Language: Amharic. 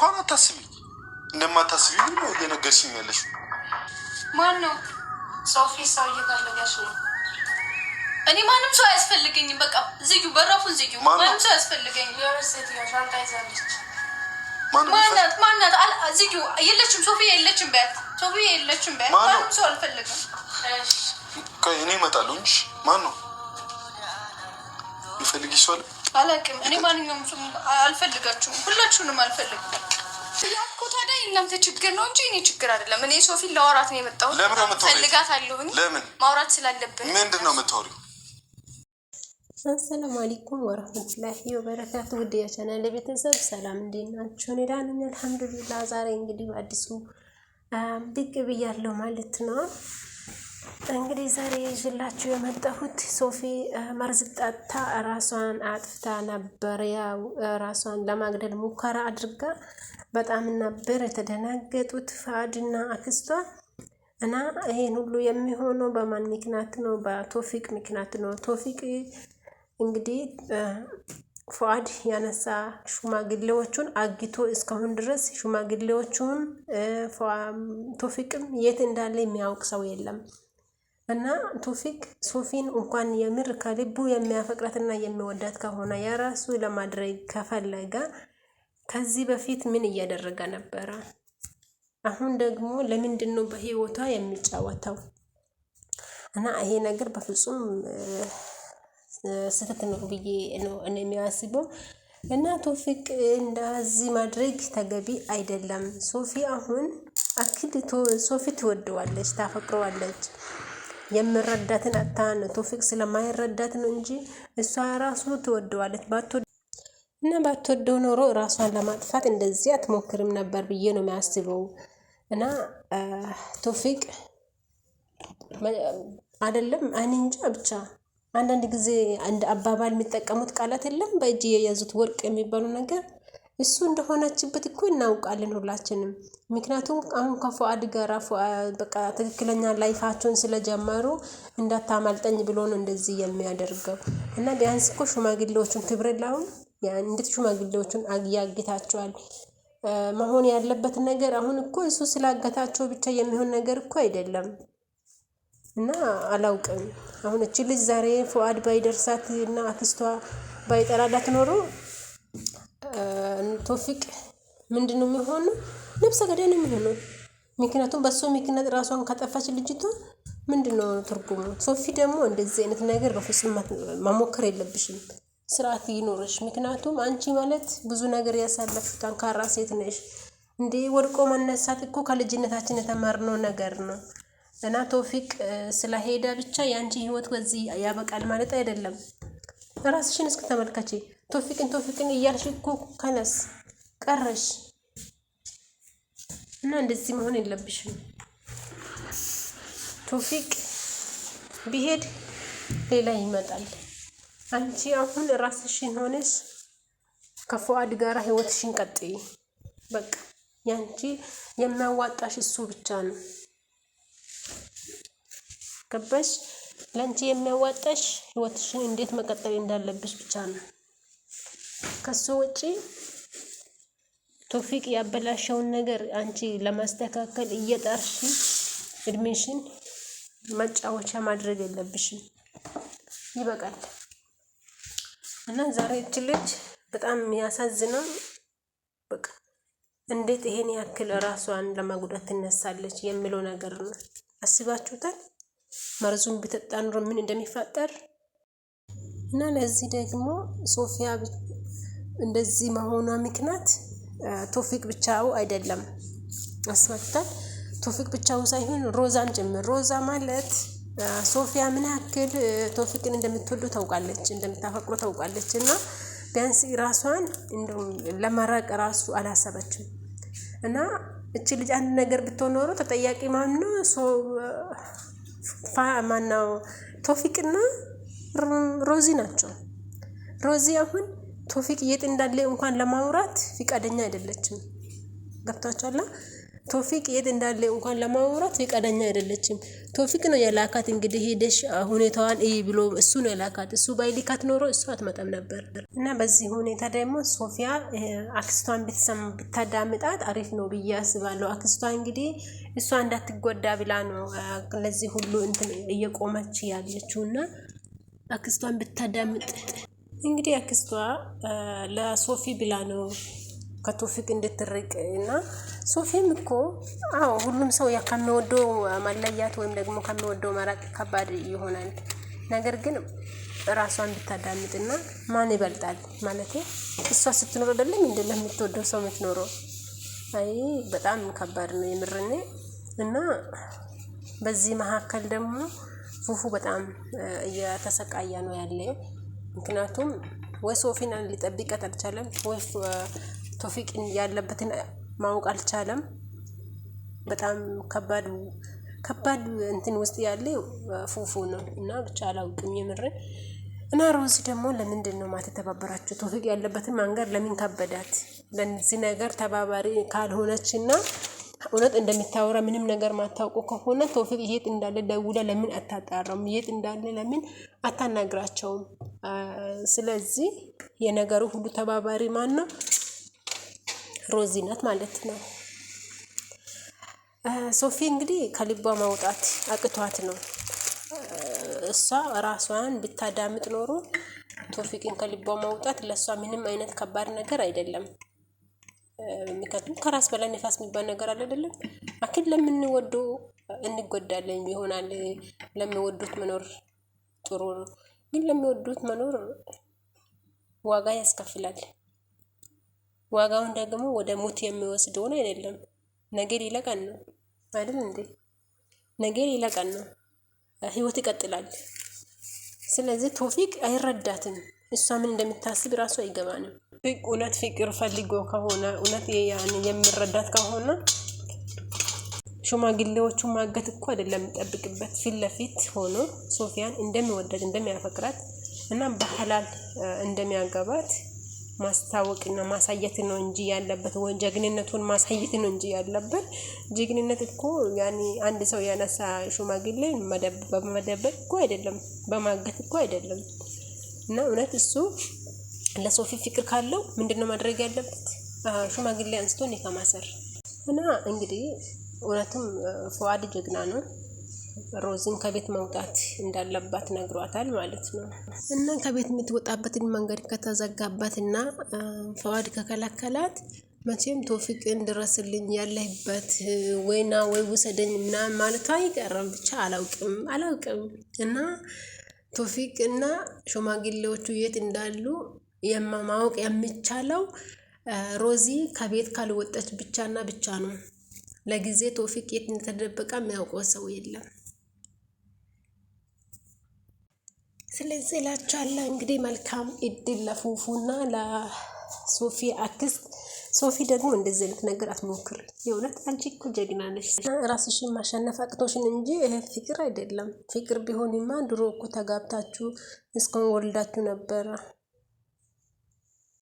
እንኳን አታስቢ እንደማታስቢ ነው እየነገርሽኝ ያለሽ። ማን ነው ሶፊ? ሰው እየፈለገሽ ነው። እኔ ማንም ሰው አያስፈልገኝም። በቃ ዝዩ፣ በራፉን ዝዩ። ማንም ሰው አያስፈልገኝም። ማናት ማናት? ዝዩ የለችም፣ ሶፊ የለችም። በያት ሶፊ የለችም። በያት ማንም ሰው አልፈልግም። እኔ እመጣለሁ እንጂ ማን ነው ይፈልግ ሰው አላውቅም። እኔ ማንኛውም ሰው አልፈልጋችሁም፣ ሁላችሁንም አልፈልግም። ያኮ ታዲያ የእናንተ ችግር ነው እንጂ እኔ ችግር አይደለም። እኔ ሶፊን ለማውራት ነው የመጣሁት። ፈልጋታለሁኝ፣ ማውራት ስላለብን። ምንድን ነው የምታወሪው? አሰላሙ አለይኩም ወረህመቱላሂ ወበረካቱ። ውድ የቻናል ቤተሰብ ሰላም፣ እንዴት ናችሁ? እኔ ደህና ነኝ አልሐምዱሊላህ። ዛሬ እንግዲህ አዲሱ ብቅ ብያለሁ ማለት ነው እንግዲህ ዛሬ ይዤላችሁ የመጣሁት ሶፊ መርዝ ጠጥታ ራሷን አጥፍታ ነበር። ያው ራሷን ለማግደል ሙከራ አድርጋ በጣም ነበር የተደናገጡት ፋድና አክስቷ እና ይሄን ሁሉ የሚሆነው በማን ምክንያት ነው? በቶፊቅ ምክንያት ነው። ቶፊቅ እንግዲህ ፉአድ ያነሳ ሽማግሌዎቹን አግቶ እስካሁን ድረስ ሽማግሌዎቹን ቶፊቅም የት እንዳለ የሚያውቅ ሰው የለም። እና ቶፊክ ሶፊን እንኳን የምር ከልቡ የሚያፈቅራትና የሚወዳት ከሆነ የራሱ ለማድረግ ከፈለገ ከዚህ በፊት ምን እያደረገ ነበረ? አሁን ደግሞ ለምንድን ነው በህይወቷ የሚጫወተው? እና ይሄ ነገር በፍጹም ስህተት ነው ብዬ ነው እኔ የሚያስበው። እና ቶፊቅ እንደዚህ ማድረግ ተገቢ አይደለም። ሶፊ አሁን አክል ሶፊ ትወደዋለች፣ ታፈቅረዋለች። የምረዳትን አታን ቶፊቅ ስለማይረዳት ነው እንጂ እሷ ራሱ ትወደዋለች። እና ባትወደው ኖሮ ራሷን ለማጥፋት እንደዚህ አትሞክርም ነበር ብዬ ነው የሚያስበው። እና ቶፊቅ አይደለም እኔ እንጃ ብቻ አንዳንድ ጊዜ እንደ አባባል የሚጠቀሙት ቃላት የለም በእጅ የያዙት ወርቅ የሚባሉ ነገር እሱ እንደሆነችበት እኮ እናውቃለን ሁላችንም። ምክንያቱም አሁን ከፉአድ ጋር በቃ ትክክለኛ ላይፋቸውን ስለጀመሩ እንዳታመልጠኝ ብሎ ነው እንደዚህ የሚያደርገው እና ቢያንስ እኮ ሽማግሌዎቹን ክብር ላሁን እንዴት ሽማግሌዎቹን ያግታቸዋል? መሆን ያለበት ነገር አሁን እኮ እሱ ስላገታቸው ብቻ የሚሆን ነገር እኮ አይደለም። እና አላውቅም አሁን እቺ ልጅ ዛሬ ፉአድ ባይደርሳት እና አክስቷ ባይጠራላት ኖሮ ቶፊቅ ምንድነው የሚሆነው? ነብሰ ገዳይ ነው የሚሆነው። ምክንያቱም በሱ ምክንያት ራሷን ካጠፋች ልጅቷ ምንድነው ትርጉሙ? ሶፊ ደግሞ እንደዚህ አይነት ነገር በፍጹም መሞከር የለብሽም። ስርዓት ይኖረሽ። ምክንያቱም አንቺ ማለት ብዙ ነገር ያሳለፍሽ ጠንካራ ሴት ነሽ። እንዴ ወድቆ መነሳት እኮ ከልጅነታችን የተማርነው ነገር ነው። እና ቶፊቅ ስለሄደ ብቻ የአንቺ ህይወት በዚህ ያበቃል ማለት አይደለም። ራስሽን እስከ ተመልከቼ ቶፊቅን ቶፊቅን እያልሽ እኮ ከነስ ቀረሽ እና እንደዚህ መሆን የለብሽም። ቶፊቅ ቢሄድ ሌላ ይመጣል። አንቺ አሁን ራስሽን ሆነሽ ከፉአድ ጋራ ህይወትሽን ቀጥይ። በቃ ያንቺ የሚያዋጣሽ እሱ ብቻ ነው። ገባሽ? ለአንቺ የሚያዋጣሽ ህይወትሽን እንዴት መቀጠል እንዳለብሽ ብቻ ነው። ከሱ ውጪ ቶፊቅ ያበላሸውን ነገር አንቺ ለማስተካከል እየጣርሽ እድሜሽን መጫወቻ ማድረግ የለብሽም። ይበቃል። እና ዛሬ እች ልጅ በጣም የሚያሳዝነው በቃ እንዴት ይሄን ያክል ራሷን ለመጉዳት ትነሳለች የሚለው ነገር ነው። አስባችሁታል? መርዙን ቢጠጣ ኑሮ ምን እንደሚፈጠር እና ለዚህ ደግሞ ሶፊያ እንደዚህ መሆኗ ምክንያት ቶፊቅ ብቻው አይደለም አስመጥታል። ቶፊቅ ብቻው ሳይሆን ሮዛን ጭምር። ሮዛ ማለት ሶፊያ ምን ያክል ቶፊቅን እንደምትወዱ ታውቃለች፣ እንደምታፈቅሮ ታውቃለች። እና ቢያንስ ራሷን እንደው ለመራቅ ራሱ አላሰበችም። እና እቺ ልጅ አንድ ነገር ብትሆን ኖሮ ተጠያቂ ማን ማናው ቶፊቅና ሮዚ ናቸው። ሮዚ አሁን ቶፊቅ የት እንዳለ እንኳን ለማውራት ፍቃደኛ አይደለችም። ገብታችኋላ? ቶፊቅ የት እንዳለ እንኳን ለማውራት ፍቃደኛ አይደለችም። ቶፊቅ ነው የላካት። እንግዲህ ሄደሽ ሁኔታዋን እይ ብሎ እሱ ነው የላካት። እሱ ባይልካት ኖሮ እሱ አትመጣም ነበር እና በዚህ ሁኔታ ደግሞ ሶፊያ አክስቷን ብትሰማ ብታዳምጣት አሪፍ ነው ብዬ አስባለሁ። አክስቷ እንግዲህ እሷ እንዳትጎዳ ብላ ነው ለዚህ ሁሉ እንትን እየቆመች ያለችው እና አክስቷን ብታዳምጥ እንግዲህ አክስቷ ለሶፊ ብላ ነው ከቶፊቅ እንድትርቅ እና ሶፊም እኮ አዎ ሁሉም ሰው ከሚወደው መለያት ወይም ደግሞ ከሚወደው መራቅ ከባድ ይሆናል። ነገር ግን ራሷን ብታዳምጥና ማን ይበልጣል ማለት እሷ ስትኖር አይደለም እንደ ለምትወደው ሰው የምትኖረው። አይ በጣም ከባድ ነው የምርኔ እና በዚህ መካከል ደግሞ ፉፉ በጣም እየተሰቃየ ነው ያለ ምክንያቱም ወይ ሶፊን ሊጠብቀት አልቻለም፣ ወይ ያለበትን ማወቅ አልቻለም። በጣም ከባድ ከባድ እንትን ውስጥ ያለ ፉፉ ነው እና ብቻ አላውቅም የምርን እና ሮዚ ደግሞ ለምንድን ነው ማለት የተባበራችሁ? ቶፊቅ ያለበትን መንገድ ለምን ከበዳት? ለዚህ ነገር ተባባሪ ካልሆነች እና እውነት እንደሚታወራ ምንም ነገር ማታውቁ ከሆነ ቶፊቅ የት እንዳለ ደውላ ለምን አታጣራም? የት እንዳለ ለምን አታናግራቸውም? ስለዚህ የነገሩ ሁሉ ተባባሪ ማን ነው? ሮዚ ናት ማለት ነው። ሶፊ እንግዲህ ከልቧ ማውጣት አቅቷት ነው። እሷ ራሷን ብታዳምጥ ኖሮ ቶፊቅን ከልቧ ማውጣት ለእሷ ምንም አይነት ከባድ ነገር አይደለም። ምክንያቱም ከራስ በላይ ነፋስ የሚባል ነገር አለ አይደለም። አኪን ለምንወደው እንጎዳለን ይሆናል። ለምንወዱት መኖር ጥሩ ግን ለሚወዱት መኖር ዋጋ ያስከፍላል። ዋጋውን ደግሞ ወደ ሞት የሚወስደውን አይደለም። ነገ ሌላ ቀን ነው አይደል እንዴ? ነገ ሌላ ቀን ነው። ህይወት ይቀጥላል። ስለዚህ ቶፊቅ አይረዳትም። እሷ ምን እንደምታስብ ራሱ አይገባንም። እውነት ፍቅር ፈልጎ ከሆነ እውነት የሚረዳት ከሆነ ሽማግሌዎቹ ማገት እኮ አይደለም የሚጠብቅበት ፊት ለፊት ሆኖ ሶፊያን እንደሚወደድ እንደሚያፈቅራት እና በሐላል እንደሚያገባት ማስታወቅና ማሳየት ነው እንጂ ያለበት ጀግንነቱን ማሳየት ነው እንጂ ያለበት። ጀግንነት እኮ ያኔ አንድ ሰው ያነሳ ሽማግሌ በመደበቅ እኮ አይደለም፣ በማገት እኮ አይደለም። እና እውነት እሱ ለሶፊ ፍቅር ካለው ምንድን ነው ማድረግ ያለበት? ሽማግሌ አንስቶ እኔ ከማሰር እና እንግዲህ እውነትም ፈዋድ ጀግና ነው። ሮዝን ከቤት መውጣት እንዳለባት ነግሯታል ማለት ነው። እና ከቤት የምትወጣበትን መንገድ ከተዘጋባት እና ፈዋድ ከከለከላት መቼም ቶፊቅን ድረስልኝ ያለህበት ወይና ወይ ውሰደኝ ምናምን ማለቷ አይቀርም። ብቻ አላውቅም አላውቅም እና ቶፊቅ እና ሽማግሌዎቹ የት እንዳሉ ማወቅ የሚቻለው ሮዚ ከቤት ካልወጣች ብቻና ብቻ ነው። ለጊዜ ቶፊቅ የት እንደተደበቀ የሚያውቀው ሰው የለም። ስለዚህ እላችኋለሁ እንግዲህ መልካም እድል ለፉፉና ለሶፊ አክስት። ሶፊ ደግሞ እንደዚህ አይነት ነገር አትሞክር። የእውነት አንቺ እኮ ጀግና ነሽ። ራስሽን ማሸነፍ አቅቶሽን እንጂ ይሄ ፍቅር አይደለም። ፍቅር ቢሆንማ ድሮ እኮ ተጋብታችሁ እስከን ወልዳችሁ ነበረ።